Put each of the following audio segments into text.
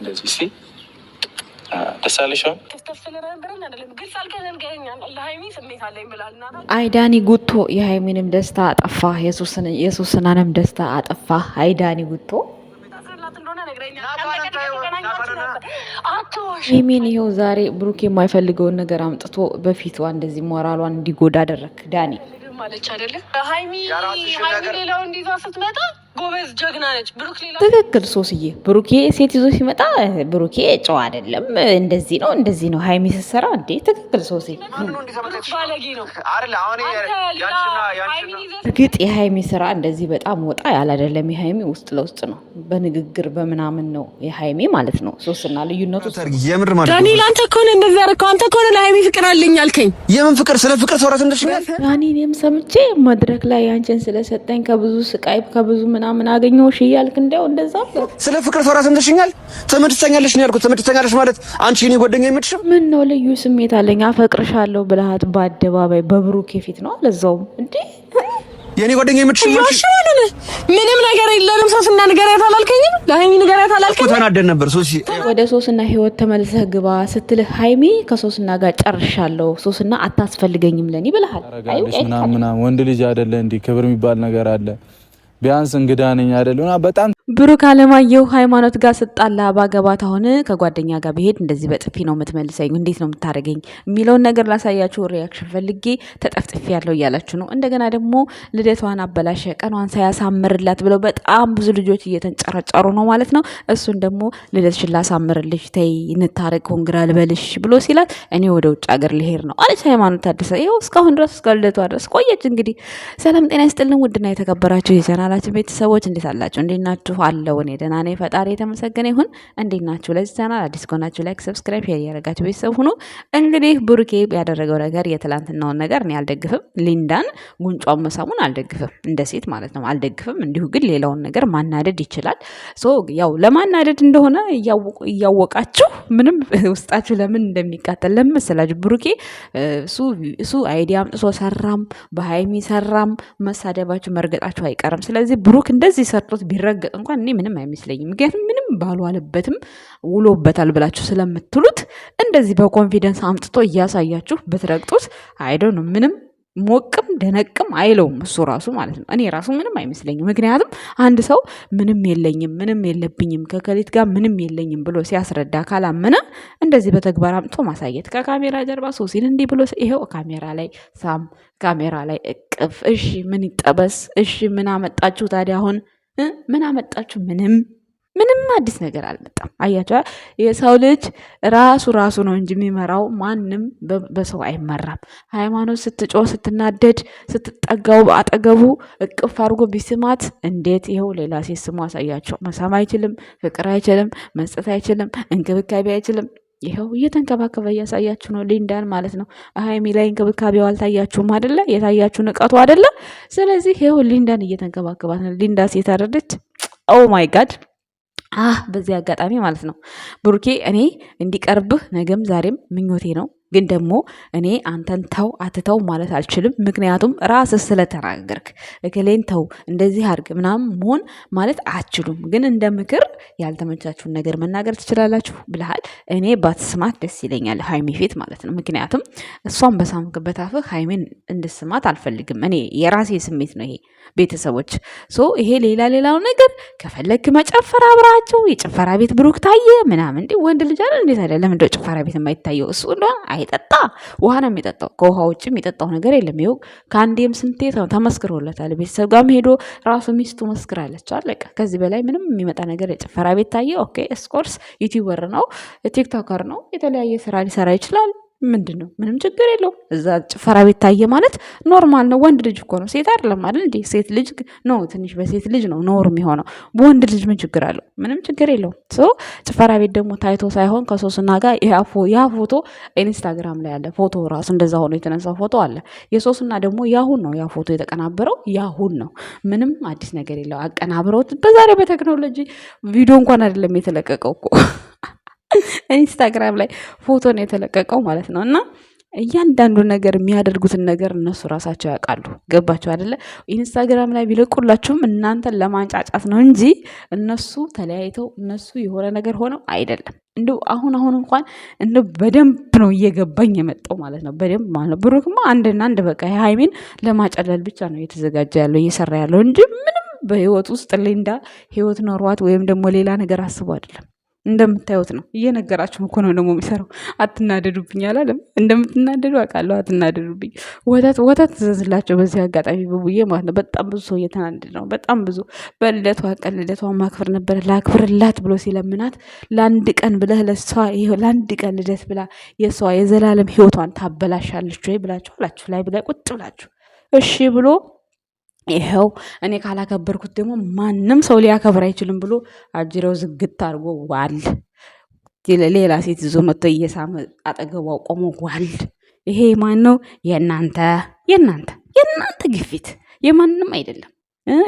እንደዚህ ሲ አይዳኒ ጉቶ የሃይሚንም ደስታ አጠፋ፣ የሱስናንም ደስታ አጠፋ። አይዳኒ ጉቶ ሀይሚን ይኸው ዛሬ ብሩክ የማይፈልገውን ነገር አምጥቶ በፊቷ እንደዚህ ሞራሏን እንዲጎዳ አደረግ። ዳኒ ማለች አይደለም ሀይሚ ሌላው እንዲዛ ስትመጣ ትክክል ሶስዬ፣ ብሩኬ ሴት ይዞ ሲመጣ ብሩኬ ጨዋ አይደለም፣ እንደዚህ ነው እንደዚህ ነው ሀይሚ ስትሰራ እንዴ። ትክክል ሶስዬ፣ እርግጥ የሀይሚ ስራ እንደዚህ በጣም ወጣ ያለ አይደለም። የሀይሚ ውስጥ ለውስጥ ነው፣ በንግግር በምናምን ነው የሀይሚ ማለት ነው። ሶስትና ልዩነቱ ዳኒል፣ አንተ ከሆነ እንደዚህ ያደረከው አንተ ከሆነ ለሀይሚ ፍቅር አለኝ አልከኝ። የምን ፍቅር? ስለ ፍቅር ሰውራት እንደሽ ዳኒ፣ እኔም ሰምቼ መድረክ ላይ ያንቺን ስለሰጠኝ ከብዙ ስቃይ ከብዙ ምና ምናምን አገኘሁሽ እያልክ እንዲያው እንደዛ ስለ ፍቅር ተወራ ሰምተሽኛል። ተመድተኛለሽ ነው ያልኩት። ተመድተኛለሽ ማለት አንቺ እኔ ጓደኛ የምትሽም ምን ነው? ልዩ ስሜት አለኝ አፈቅርሻለሁ ብልሃት በአደባባይ በብሩኬ ፊት ነው አለዛውም እንዴ የኔ ጓደኛ የምትሽው ምንም ነገር የለንም። ሶስና ንገሪያት አላልከኝም? ለሀይሚ ንገሪያት አላልከኝም? ተናደን ነበር። ሶሲ ወደ ሶስና ህይወት ተመልሰህ ግባ ስትልህ ሀይሚ ከሶስና ጋር ጨርሻለሁ፣ ሶስና አታስፈልገኝም ለኔ ብለሃል። ወንድ ልጅ አይደለ እንዲህ ክብር የሚባል ነገር አለ ቢያንስ እንግዳ ነኝ በጣም ብሩክ አለማየሁ ሃይማኖት ጋር ስጣላ ባገባ አሁን ከጓደኛ ጋር ብሄድ እንደዚህ በጥፊ ነው የምትመልሰኝ፣ እንዴት ነው የምታደርገኝ የሚለውን ነገር ላሳያችሁ ሪያክሽን ፈልጌ ተጠፍጥፊ ያለው እያላችሁ ነው። እንደገና ደግሞ ልደቷን አበላሸ ቀኗን ሳያሳምርላት ብለው በጣም ብዙ ልጆች እየተንጨረጨሩ ነው ማለት ነው። እሱን ደግሞ ልደትሽን ላሳምርልሽ፣ ተይ እንታረቅ፣ ኮንግራ ልበልሽ ብሎ ሲላት እኔ ወደ ውጭ ሀገር ልሄድ ነው አለች ሃይማኖት ታደሰ። ይኸው እስካሁን ድረስ እስከ ልደቷ ድረስ ቆየች። እንግዲህ ሰላም ጤና ይስጥልን ውድና የተከበራችሁ የቻናላችን ቤተሰቦች እንዴት አላችሁ? እንዴት ናችሁ? እላችኋለሁ። እኔ ደህና ነኝ፣ ፈጣሪ የተመሰገነ ይሁን። እንዴት ናችሁ? ለዚህ ቻናል አዲስ ከሆናችሁ ላይክ፣ ሰብስክራይብ፣ ሼር እያደረጋችሁ ቤተሰብ ሁኑ። እንግዲህ ብሩኬ ያደረገው ነገር የትላንትናውን ነገር እኔ አልደግፍም። ሊንዳን ጉንጯን መሳሙን አልደግፍም፣ እንደ ሴት ማለት ነው አልደግፍም። እንዲሁ ግን ሌላውን ነገር ማናደድ ይችላል። ያው ለማናደድ እንደሆነ እያወቃችሁ ምንም ውስጣችሁ ለምን እንደሚቃጠል ለምን መሰላችሁ? ብሩኬ እሱ አይዲያም እሶ ሰራም በሀይሚ ሰራም መሳደባችሁ መርገጣችሁ አይቀርም። ስለዚህ ብሩክ እንደዚህ ሰርቶት ቢረገጥ እንኳን እኔ ምንም አይመስለኝም። ምክንያቱም ምንም ባልዋለበትም ውሎበታል ብላችሁ ስለምትሉት እንደዚህ በኮንፊደንስ አምጥቶ እያሳያችሁ ብትረግጡት አይደ ነው ምንም ሞቅም ደነቅም አይለውም እሱ ራሱ ማለት ነው። እኔ ራሱ ምንም አይመስለኝም። ምክንያቱም አንድ ሰው ምንም የለኝም ምንም የለብኝም ከከሊት ጋር ምንም የለኝም ብሎ ሲያስረዳ ካላመነ እንደዚህ በተግባር አምጥቶ ማሳየት ከካሜራ ጀርባ ሰው ሲል እንዲህ ብሎ ይሄው ካሜራ ላይ ሳም፣ ካሜራ ላይ እቅፍ፣ እሺ ምን ይጠበስ፣ እሺ ምን አመጣችሁ ታዲያ አሁን ምን አመጣችሁ? ምንም ምንም አዲስ ነገር አልመጣም። አያቸ የሰው ልጅ ራሱ ራሱ ነው እንጂ የሚመራው ማንም በሰው አይመራም። ሃይማኖት ስትጮ ስትናደድ ስትጠጋው አጠገቡ እቅፍ አድርጎ ቢስማት እንዴት ይኸው ሌላ ሴት ስሙ አሳያቸው። መሳም አይችልም፣ ፍቅር አይችልም፣ መስጠት አይችልም፣ እንክብካቤ አይችልም። ይኸው እየተንከባከበ እያሳያችሁ ነው ሊንዳን ማለት ነው። ሀይሚ ላይ እንክብካቤው አልታያችሁም አደለ? የታያችሁ ንቀቱ አደለ? ስለዚህ ይኸው ሊንዳን እየተንከባከባት ነው። ሊንዳ ሴት አደለች? ኦ ማይ ጋድ አህ በዚህ አጋጣሚ ማለት ነው ብሩኬ፣ እኔ እንዲቀርብህ ነገም ዛሬም ምኞቴ ነው። ግን ደግሞ እኔ አንተን ተው አትተው ማለት አልችልም። ምክንያቱም ራስ ስለተናገርክ እክሌን ተው እንደዚህ አድርግ ምናምን መሆን ማለት አችሉም። ግን እንደ ምክር ያልተመቻችሁን ነገር መናገር ትችላላችሁ ብለሃል። እኔ ባትስማት ደስ ይለኛል፣ ሀይሚ ፊት ማለት ነው። ምክንያቱም እሷን በሳምክበት አፍህ ሀይሜን እንድስማት አልፈልግም። እኔ የራሴ ስሜት ነው ይሄ። ቤተሰቦች ሶ ይሄ ሌላ ሌላው ነገር ከፈለክ መጨፈር አብራቸው የጭፈራ ቤት ብሩክ ታየ ምናምን እንዲ ወንድ ልጅ አለ እንዴት አለ ለምንድ ጭፈራ ቤት የማይታየው እሱ እንደሆነ አይጠጣ ውሃ ነው የሚጠጣው ከውሃ ውጭ የሚጠጣው ነገር የለም ይኸው ከአንዴም ስንቴ ተመስክሮለታል ቤተሰብ ጋርም ሄዶ ራሱ ሚስቱ መስክራለች አለቀ ከዚህ በላይ ምንም የሚመጣ ነገር የጭፈራ ቤት ታየ ኦኬ ስኮርስ ዩቲዩበር ነው ቲክቶከር ነው የተለያየ ስራ ሊሰራ ይችላል ምንድን ነው? ምንም ችግር የለውም። እዛ ጭፈራ ቤት ታየ ማለት ኖርማል ነው። ወንድ ልጅ እኮ ነው፣ ሴት አይደለም አይደል እንዴ? ሴት ልጅ ነው ትንሽ በሴት ልጅ ነው ኖር የሆነው። በወንድ ልጅ ምን ችግር አለው? ምንም ችግር የለውም። ሶ ጭፈራ ቤት ደግሞ ታይቶ ሳይሆን ከሶስና ጋር ያ ፎቶ ኢንስታግራም ላይ አለ። ፎቶ ራሱ እንደዛ ሆኖ የተነሳ ፎቶ አለ። የሶስና ደግሞ ያሁን ነው ያ ፎቶ የተቀናበረው፣ ያሁን ነው። ምንም አዲስ ነገር የለው። አቀናብረውት በዛሬ በቴክኖሎጂ ቪዲዮ እንኳን አይደለም የተለቀቀው እኮ ኢንስታግራም ላይ ፎቶ ነው የተለቀቀው ማለት ነው እና እያንዳንዱ ነገር የሚያደርጉትን ነገር እነሱ ራሳቸው ያውቃሉ። ገባቸው አደለ? ኢንስታግራም ላይ ቢለቁላችሁም እናንተን ለማንጫጫት ነው እንጂ እነሱ ተለያይተው እነሱ የሆነ ነገር ሆነው አይደለም። እንደው አሁን አሁን እንኳን እንደ በደንብ ነው እየገባኝ የመጣው ማለት ነው። በደንብ ማለት ነው። ብሩክማ አንድና አንድ በቃ የሃይሜን ለማጨለል ብቻ ነው እየተዘጋጀ ያለው እየሰራ ያለው እንጂ ምንም በህይወት ውስጥ ሊንዳ ህይወት ኖሯት ወይም ደግሞ ሌላ ነገር አስቦ አይደለም። እንደምታዩት ነው። እየነገራችሁ እኮ ነው ደግሞ የሚሰራው። አትናደዱብኝ አላለም። እንደምትናደዱ አውቃለሁ። አትናደዱብኝ። ወተት ወተት ትዘዝላቸው በዚህ አጋጣሚ ብቡዬ ማለት ነው። በጣም ብዙ ሰው እየተናደድ ነው። በጣም ብዙ በልደቷ ቀን ልደቷ ማክብር ነበረ ላክብርላት ብሎ ሲለምናት ለአንድ ቀን ብለህ ለሷ ለአንድ ቀን ልደት ብላ የሷ የዘላለም ህይወቷን ታበላሻለች ወይ ብላችሁ አላችሁ ላይ ብላይ ቁጭ ብላችሁ እሺ ብሎ ይኸው እኔ ካላከበርኩት ደግሞ ማንም ሰው ሊያከብር አይችልም ብሎ አጅሬው ዝግት አድርጎ ዋል ሌላ ሴት ይዞ መጥቶ እየሳመ አጠገቧ ቆሞ ዋል። ይሄ ማን ነው? የእናንተ የእናንተ የእናንተ ግፊት የማንም አይደለም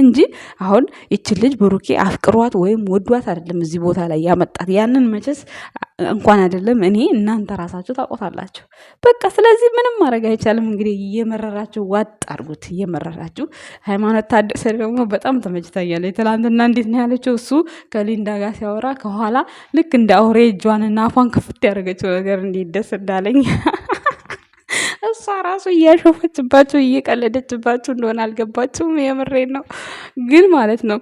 እንጂ አሁን ይችን ልጅ ብሩኬ አፍቅሯት ወይም ወዷት አይደለም እዚህ ቦታ ላይ ያመጣት ያንን መቼስ እንኳን አይደለም እኔ እናንተ ራሳችሁ ታውቆታላችሁ። በቃ ስለዚህ ምንም ማድረግ አይቻልም። እንግዲህ እየመረራችሁ ዋጥ አድርጉት፣ እየመረራችሁ ሃይማኖት ታደሰ ደግሞ በጣም ተመችታኛለች። ትላንትና እንዴት ነው ያለችው? እሱ ከሊንዳ ጋር ሲያወራ ከኋላ ልክ እንደ አውሬ እጇንና አፏን ክፍት ያደረገችው ነገር እንዴት ደስ እንዳለኝ እሷ ራሱ እያሸፈችባቸው እየቀለደችባቸው እንደሆነ አልገባችሁም? የምሬን ነው። ግን ማለት ነው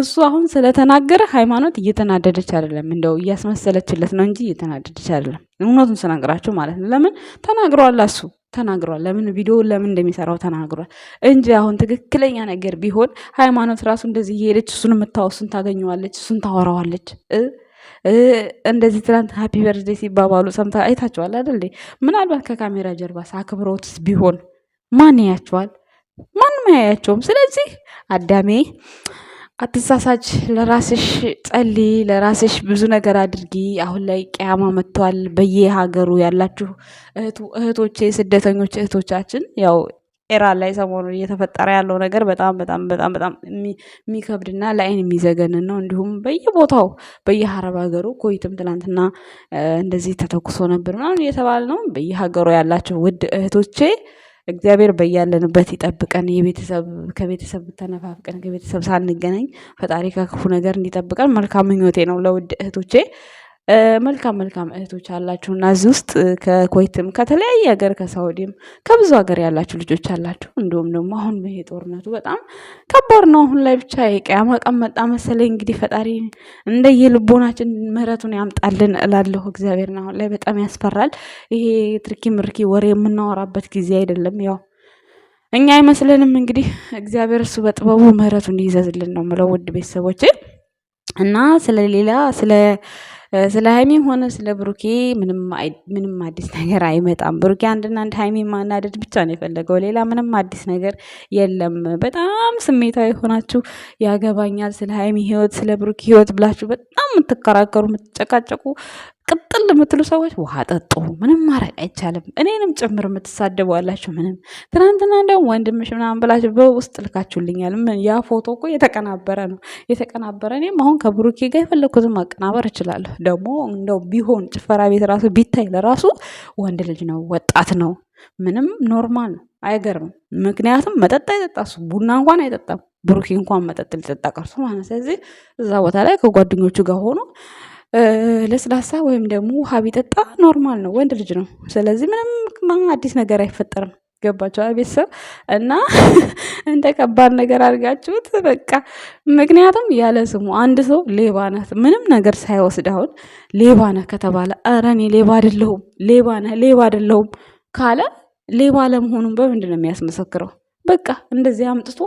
እሱ አሁን ስለተናገረ ሃይማኖት እየተናደደች አይደለም፣ እንደው እያስመሰለችለት ነው እንጂ እየተናደደች አይደለም። እውነቱን ስነግራችሁ ማለት ነው። ለምን ተናግሯል እሱ ተናግሯል። ለምን ቪዲዮ ለምን እንደሚሰራው ተናግሯል እንጂ አሁን ትክክለኛ ነገር ቢሆን ሃይማኖት ራሱ እንደዚህ እየሄደች እሱን የምታወሱን ታገኘዋለች፣ እሱን ታወራዋለች። እንደዚህ ትናንት ሀፒ በርዝዴ ሲባባሉ ሰምታ አይታችኋል አደል? ምናልባት ከካሜራ ጀርባ ሳክብሮት ቢሆን ማን ያያቸዋል? ማንም አያያቸውም። ስለዚህ አዳሜ አትሳሳች፣ ለራስሽ ጸሊ፣ ለራስሽ ብዙ ነገር አድርጊ። አሁን ላይ ቀያማ መጥቷል። በየሀገሩ ያላችሁ እህቶቼ ስደተኞች እህቶቻችን ያው ኤራ ላይ ሰሞኑ እየተፈጠረ ያለው ነገር በጣም በጣም በጣም በጣም የሚከብድና ለአይን የሚዘገንን ነው። እንዲሁም በየቦታው በየሀረብ ሀገሩ ኮይትም ትናንትና እንደዚህ ተተኩሶ ነበር ምናምን እየተባለ ነው። በየሀገሩ ያላቸው ውድ እህቶቼ እግዚአብሔር በያለንበት ይጠብቀን። የቤተሰብ ከቤተሰብ ተነፋፍቀን ከቤተሰብ ሳንገናኝ ፈጣሪ ከክፉ ነገር እንዲጠብቀን መልካም ምኞቴ ነው ለውድ እህቶቼ። መልካም መልካም እህቶች አላችሁ እና እዚህ ውስጥ ከኮይትም ከተለያየ ሀገር ከሳውዲም ከብዙ ሀገር ያላችሁ ልጆች አላችሁ። እንዲሁም ደግሞ አሁን ይሄ ጦርነቱ በጣም ከባድ ነው። አሁን ላይ ብቻ የቀያማ ቀን መጣ መሰለኝ። እንግዲህ ፈጣሪ እንደየልቦናችን ምሕረቱን ያምጣልን እላለሁ። እግዚአብሔርን አሁን ላይ በጣም ያስፈራል። ይሄ ትርኪ ምርኪ ወሬ የምናወራበት ጊዜ አይደለም። ያው እኛ አይመስለንም። እንግዲህ እግዚአብሔር እሱ በጥበቡ ምሕረቱን ይዘዝልን ነው ምለው ውድ ቤተሰቦች እና ስለሌላ ስለ ስለ ሀይሚ ሆነ ስለ ብሩኬ ምንም አዲስ ነገር አይመጣም። ብሩኬ አንድና አንድ ሀይሚ ማናደድ ብቻ ነው የፈለገው፣ ሌላ ምንም አዲስ ነገር የለም። በጣም ስሜታዊ ሆናችሁ ያገባኛል ስለ ሀይሚ ህይወት፣ ስለ ብሩኬ ህይወት ብላችሁ በጣም የምትከራከሩ የምትጨቃጨቁ ቅጥል ለምትሉ ሰዎች ውሃ ጠጡ። ምንም ማድረግ አይቻልም። እኔንም ጭምር የምትሳደቡ አላችሁ። ምንም ትናንትና እንደውም ወንድምሽ ምናምን ብላችሁ በውስጥ ልካችሁልኛል። ምን ያ ፎቶ እኮ የተቀናበረ ነው የተቀናበረ። እኔም አሁን ከብሩኬ ጋር የፈለግኩትን ማቀናበር እችላለሁ። ደግሞ እንደው ቢሆን ጭፈራ ቤት ራሱ ቢታይ ለራሱ ወንድ ልጅ ነው፣ ወጣት ነው፣ ምንም ኖርማል ነው። አይገርምም። ምክንያቱም መጠጥ አይጠጣ እሱ ቡና እንኳን አይጠጣም። ብሩኬ እንኳን መጠጥ ሊጠጣ ቀርሶ ማለት ስለዚህ እዛ ቦታ ላይ ከጓደኞቹ ጋር ሆኖ ለስላሳ ወይም ደግሞ ውሃ ቢጠጣ ኖርማል ነው፣ ወንድ ልጅ ነው። ስለዚህ ምንም አዲስ ነገር አይፈጠርም። ገባቸው ቤተሰብ እና እንደ ከባድ ነገር አድርጋችሁት በቃ። ምክንያቱም ያለ ስሙ አንድ ሰው ሌባ ናት ምንም ነገር ሳይወስድ አሁን ሌባ ነህ ከተባለ ኧረ እኔ ሌባ አይደለሁም ሌባ ነህ ሌባ አይደለሁም ካለ ሌባ ለመሆኑን በምንድን ነው የሚያስመሰክረው? በቃ እንደዚህ አምጥቶ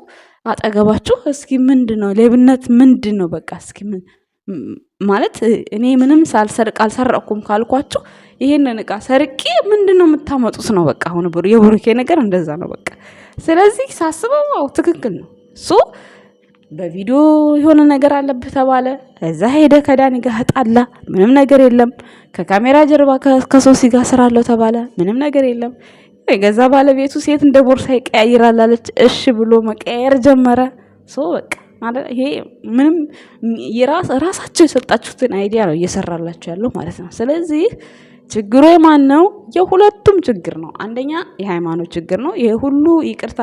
አጠገባችሁ እስኪ ምንድን ነው ሌብነት ምንድን ነው? በቃ እስኪ ምን ማለት እኔ ምንም ሳልሰርቅ አልሰረቅኩም ካልኳችሁ ይሄንን እቃ ሰርቄ ምንድን ነው የምታመጡት ነው። በቃ አሁን ብሩ የብሩኬ ነገር እንደዛ ነው። በቃ ስለዚህ ሳስበው ትክክል ነው እሱ በቪዲዮ የሆነ ነገር አለብህ ተባለ። እዛ ሄደ ከዳኒ ጋር ህጣላ ምንም ነገር የለም። ከካሜራ ጀርባ ከሶሲ ጋር ስራ አለው ተባለ። ምንም ነገር የለም። የገዛ ባለቤቱ ሴት እንደ ቦርሳ ይቀያይራል አለች። እሺ ብሎ መቀያየር ጀመረ። ሶ በቃ ማለት ይሄ ምንም ራሳቸው የሰጣችሁትን አይዲያ ነው እየሰራላችሁ ያለው ማለት ነው። ስለዚህ ችግሩ የማን ነው? የሁለቱም ችግር ነው። አንደኛ የሃይማኖት ችግር ነው። ይሄ ሁሉ ይቅርታ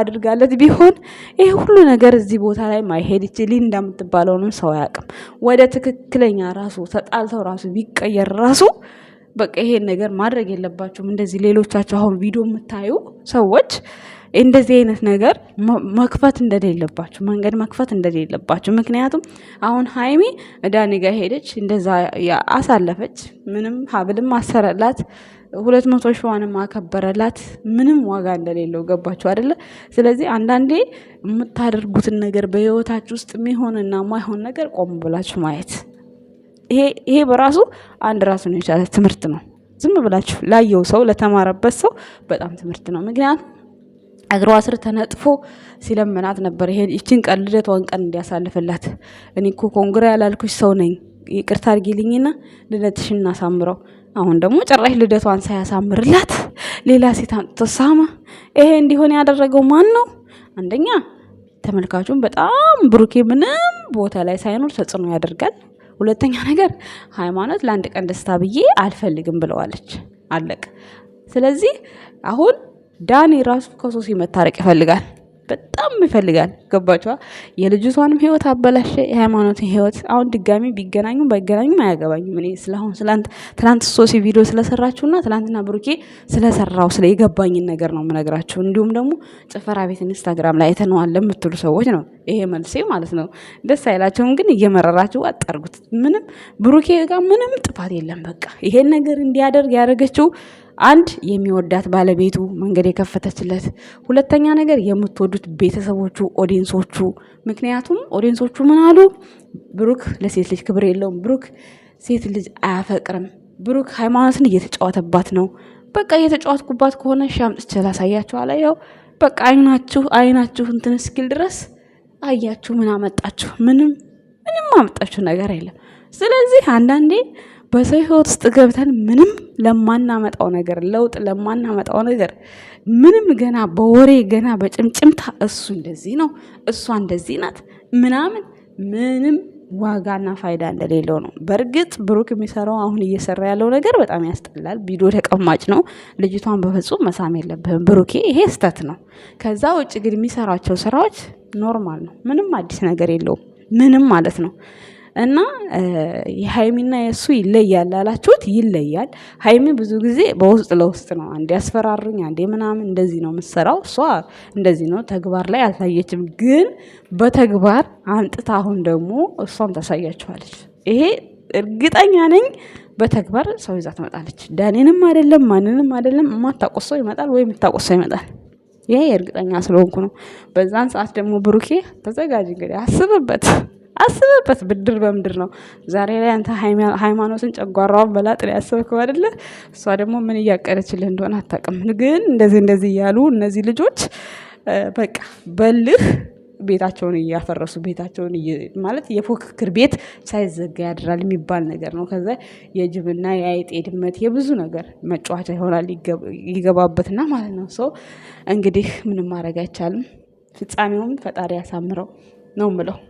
አድርጋለት ቢሆን ይሄ ሁሉ ነገር እዚህ ቦታ ላይ ማይሄድ ይችል እንደምትባለውንም ሰው አያውቅም። ወደ ትክክለኛ ራሱ ተጣልተው ራሱ ቢቀየር ራሱ በቃ ይሄን ነገር ማድረግ የለባችሁም። እንደዚህ ሌሎቻችሁ አሁን ቪዲዮ የምታዩ ሰዎች እንደዚህ አይነት ነገር መክፈት እንደሌለባችሁ መንገድ መክፈት እንደሌለባችሁ። ምክንያቱም አሁን ሀይሚ ዳኒ ጋር ሄደች፣ እንደዛ አሳለፈች። ምንም ሀብልም አሰረላት፣ ሁለት መቶ ሺዋንም አከበረላት። ምንም ዋጋ እንደሌለው ገባችሁ አይደለ? ስለዚህ አንዳንዴ የምታደርጉትን ነገር በህይወታችሁ ውስጥ የሚሆንና ማይሆን ነገር ቆም ብላችሁ ማየት ይሄ በራሱ አንድ ራሱን የቻለ ትምህርት ነው። ዝም ብላችሁ ላየው ሰው ለተማረበት ሰው በጣም ትምህርት ነው ምክንያቱም እግሯ ስር ተነጥፎ ሲለምናት ነበር። ይሄን ይችን ቀን ልደቷን ቀን እንዲያሳልፍላት እኔ እኮ ኮንግራ ያላልኩሽ ሰው ነኝ ይቅርታ አድርጊልኝና ልደትሽ እናሳምረው። አሁን ደግሞ ጭራሽ ልደቷን ሳያሳምርላት ሌላ ሴት አንጥቶ ሳማ። ይሄ እንዲሆን ያደረገው ማን ነው? አንደኛ ተመልካቹን በጣም ብሩኬ ምንም ቦታ ላይ ሳይኖር ተጽዕኖ ያደርጋል። ሁለተኛ ነገር ሃይማኖት ለአንድ ቀን ደስታ ብዬ አልፈልግም ብለዋለች። አለቅ ስለዚህ አሁን ዳኒ ራሱ ከሶሲ መታረቅ ይፈልጋል፣ በጣም ይፈልጋል። ገባችኋ? የልጅቷንም ህይወት አበላሸ፣ የሃይማኖትን ህይወት። አሁን ድጋሚ ቢገናኙም ባይገናኙም አያገባኝም። እኔ ስለአሁን ስላንት ትላንት ሶሲ ቪዲዮ ስለሰራችሁና ትላንትና ብሩኬ ስለሰራው ስለ የገባኝን ነገር ነው የምነግራችሁ። እንዲሁም ደግሞ ጭፈራ ቤት ኢንስታግራም ላይ አይተነዋል ለምትሉ ሰዎች ነው ይሄ መልሴ ማለት ነው። ደስ አይላቸውም፣ ግን እየመረራችሁ አጠርጉት። ምንም ብሩኬ ጋር ምንም ጥፋት የለም። በቃ ይሄን ነገር እንዲያደርግ ያደረገችው አንድ የሚወዳት ባለቤቱ መንገድ የከፈተችለት፣ ሁለተኛ ነገር የምትወዱት ቤተሰቦቹ፣ ኦዲንሶቹ። ምክንያቱም ኦዲንሶቹ ምን አሉ? ብሩክ ለሴት ልጅ ክብር የለውም፣ ብሩክ ሴት ልጅ አያፈቅርም፣ ብሩክ ሃይማኖትን እየተጫወተባት ነው። በቃ እየተጫወትኩባት ከሆነ ሻም ጥችል አሳያችኋለሁ። ያው በቃ አይናችሁ አይናችሁ እንትን እስኪል ድረስ አያችሁ። ምን አመጣችሁ? ምንም ምንም አመጣችሁ ነገር የለም። ስለዚህ አንዳንዴ በሰው ህይወት ውስጥ ገብተን ምንም ለማናመጣው ነገር ለውጥ ለማናመጣው ነገር ምንም ገና በወሬ ገና በጭምጭምታ እሱ እንደዚህ ነው እሷ እንደዚህ ናት ምናምን ምንም ዋጋና ፋይዳ እንደሌለው ነው። በእርግጥ ብሩክ የሚሰራው አሁን እየሰራ ያለው ነገር በጣም ያስጠላል። ቪዲዮ ተቀማጭ ነው። ልጅቷን በፍጹም መሳም የለብህም ብሩኬ፣ ይሄ ስተት ነው። ከዛ ውጭ ግን የሚሰራቸው ስራዎች ኖርማል ነው። ምንም አዲስ ነገር የለውም። ምንም ማለት ነው። እና የሀይሚና የእሱ ይለያል ላላችሁት ይለያል። ሀይሚ ብዙ ጊዜ በውስጥ ለውስጥ ነው፣ አንዴ ያስፈራሩኝ፣ አንዴ ምናምን እንደዚህ ነው የምትሰራው። እሷ እንደዚህ ነው ተግባር ላይ አልታየችም፣ ግን በተግባር አንጥታ አሁን ደግሞ እሷም ታሳያችኋለች። ይሄ እርግጠኛ ነኝ። በተግባር ሰው ይዛ ትመጣለች። ዳኔንም አይደለም ማንንም አይደለም የማታቆስ ሰው ይመጣል ወይም የምታቆስ ሰው ይመጣል። ይሄ እርግጠኛ ስለሆንኩ ነው። በዛን ሰዓት ደግሞ ብሩኬ ተዘጋጅ እንግዲህ አስብበት። አስብበት። ብድር በምድር ነው። ዛሬ ላይ አንተ ሃይማኖትን በላጥ ላይ ያሰብከው አይደለ? እሷ ደግሞ ምን እያቀደችልህ እንደሆነ አታውቅም። ግን እንደዚህ እንደዚህ እያሉ እነዚህ ልጆች በቃ በልህ ቤታቸውን እያፈረሱ ቤታቸውን ማለት የፉክክር ቤት ሳይዘጋ ያድራል የሚባል ነገር ነው። ከዛ የጅብና የአይጤ ድመት የብዙ ነገር መጫወቻ ይሆናል ይገባበትና ማለት ነው። ሰው እንግዲህ ምንም ማድረግ አይቻልም። ፍጻሜውም ፈጣሪ ያሳምረው ነው ምለው።